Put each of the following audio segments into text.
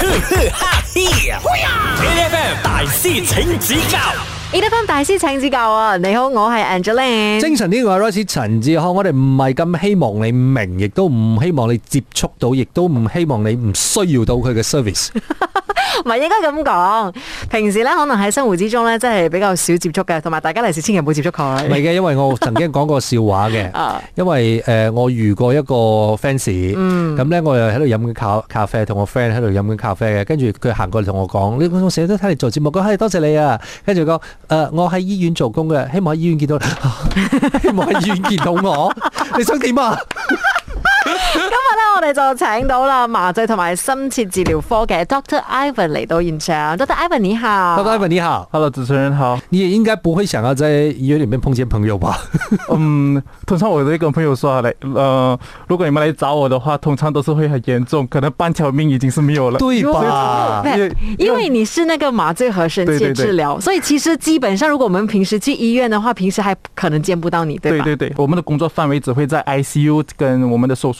哈哈，嘿呀 大師請指教，易德芬大師請指教啊！你好，我係 Angelina。精神 o 嘅，Rose 陳志康，我哋唔係咁希望你明，亦都唔希望你接觸到，亦都唔希望你唔需要到佢嘅 service。 唔係應該咁講，平時咧，可能喺生活之中咧，即係比較少接觸嘅，同埋大家嚟時千祈唔好接觸佢。唔係嘅，因為我曾經講過笑話嘅， 因為誒、呃、我遇過一個 fans，咁咧，我又喺度飲緊咖咖啡，同我 friend 喺度飲緊咖啡嘅，他走跟住佢行過嚟同我講：你成日都睇嚟做節目，講多謝你啊！跟住講誒，我喺醫院做工嘅，希望喺醫院見到， 希望喺醫院見到我， 你想點啊？ 今日我哋就請到了麻醉同埋深切治療科嘅 Doctor Ivan 嚟到現場。Doctor Ivan 你好，Doctor Ivan 你好，Hello 主持人好。你也應該不會想要在醫院裏面碰見朋友吧？嗯， um, 通常我都跟朋友說，咧，呃，如果你們來找我的話，通常都是會很嚴重，可能半條命已經是沒有了，對吧？因為因,為因為你是那個麻醉和深切治療，對對對對。所以其實基本上如果我們平時去醫院的話，平時還可能見不到你，對吧？對對對，我們的工作範圍只會在 ICU 跟我們的手術。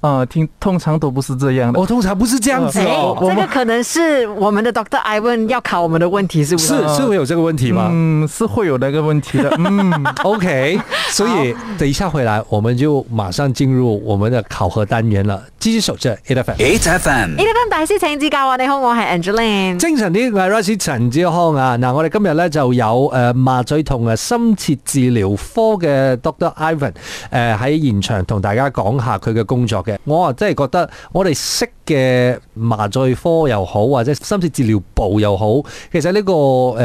啊、嗯，聽通常都不是這樣的，我、哦、通常不是這樣子。欸哦、這個可能是我們的 Doctor Ivan 要考我們的問題，是不是？是是會有這個問題嗎？嗯，是會有那個問題的。 嗯，OK，所以等一下回來，我們就馬上進入我們的考核單元了。繼續守着 Eight FM，Eight FM，Eight FM 大師請指教啊！你好，我係 Angeline，精神啲係 Rice 陳志康啊。嗱，我哋今日咧就有誒、呃、麻醉同埋深切治療科嘅 Doctor Ivan 誒、呃、喺現場同大家講下佢嘅工作。我啊，真係覺得我哋識嘅麻醉科又好，或者深切治療部又好，其實呢個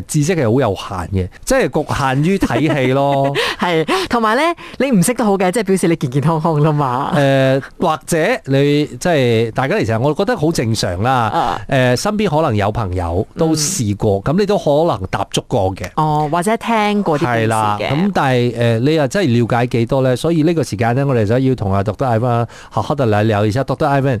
誒知識係好有限嘅，即係局限於睇戲咯。係 ，同埋咧，你唔識都好嘅，即係表示你健健康康啦嘛。誒、 呃，或者你即係、就是、大家嚟講，我覺得好正常啦。誒、uh, 呃，身邊可能有朋友都試過，咁、uh, 你都可能踏足過嘅。哦，或者聽過啲故事嘅。咁但係誒、呃，你又真係了解幾多咧？所以呢個時間咧，我哋就要同阿 Doctor Ivan 學學得嚟聊一下，而 Doctor Ivan，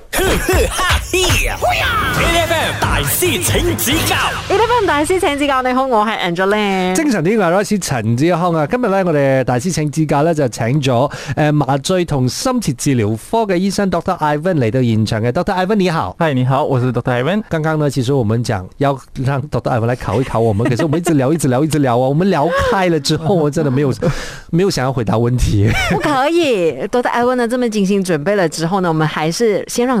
哼哼哈嘿，A. F. M. 大師請指教，大師請指教。你好，我係 Angelina，精神科牙醫師陳志康啊。今日呢，我哋大師請指教呢，就請咗、呃、麻醉同深切治療科嘅醫生 Dr. Ivan 嚟到現場嘅。Dr. Ivan 你好，嗨，你好，我是 Dr. Ivan。剛剛呢，其實我們講要讓 Dr. Ivan 來考一考我們，可是我們一直聊， 一直聊，一直聊啊。我們聊開了之後， 我真係沒有沒有想要回答問題。不可以，Dr. Ivan 呢，這麼精心準備了之後呢，我們還是先讓。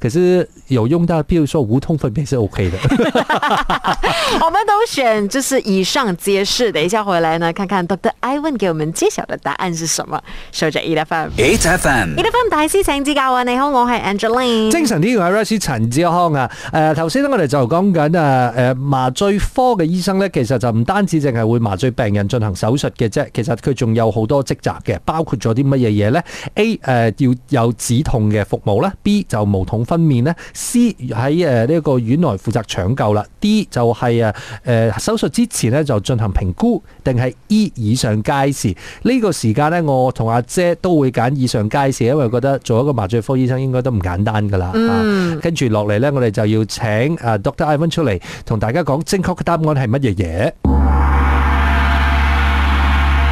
其實有用到，譬如說無痛分娩是 OK 的。 我們都選，就是以上皆是。等一下回來呢，看看 Doctor Ivan 給我們揭曉的答案是什麼。收着 e f m FM e f e m 大師請指教啊！你好，我係 Angeline。精神啲我係 Rush 陳志康啊！誒、呃，頭先我哋就講緊誒麻醉科嘅醫生咧，其實就唔單止淨係會麻醉病人進行手術嘅啫，其實佢仲有好多職責嘅，包括咗啲乜嘢嘢咧？A 誒、呃、要有止痛嘅服務啦 b 就冇痛。分娩呢，c 喺誒呢個院內負責搶救啦。D 就係誒誒手術之前呢就進行評估，定係 E 以上皆是。呢、呢個時間呢，我同阿姐都會揀以上皆是，因為覺得做一個麻醉科醫生應該都唔簡單噶啦。嗯，跟住落嚟呢，我哋就要請 Dr. Ivan 出嚟同大家講正確嘅答案係乜嘢嘢。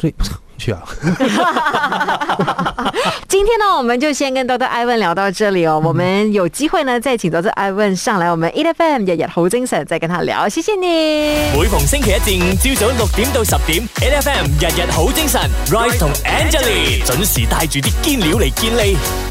所以去啊！ 今天呢，我們就先跟 Dr. Ivan 聊到這裏哦。 我們有機會呢，再請 Dr. Ivan 上嚟。我們 EFM 日日好精神，再跟他聊。謝謝你。每逢星期一至五朝早六點到十點，EFM 日日好精神，Rice 同 Angelie 準時帶住啲堅料嚟健利。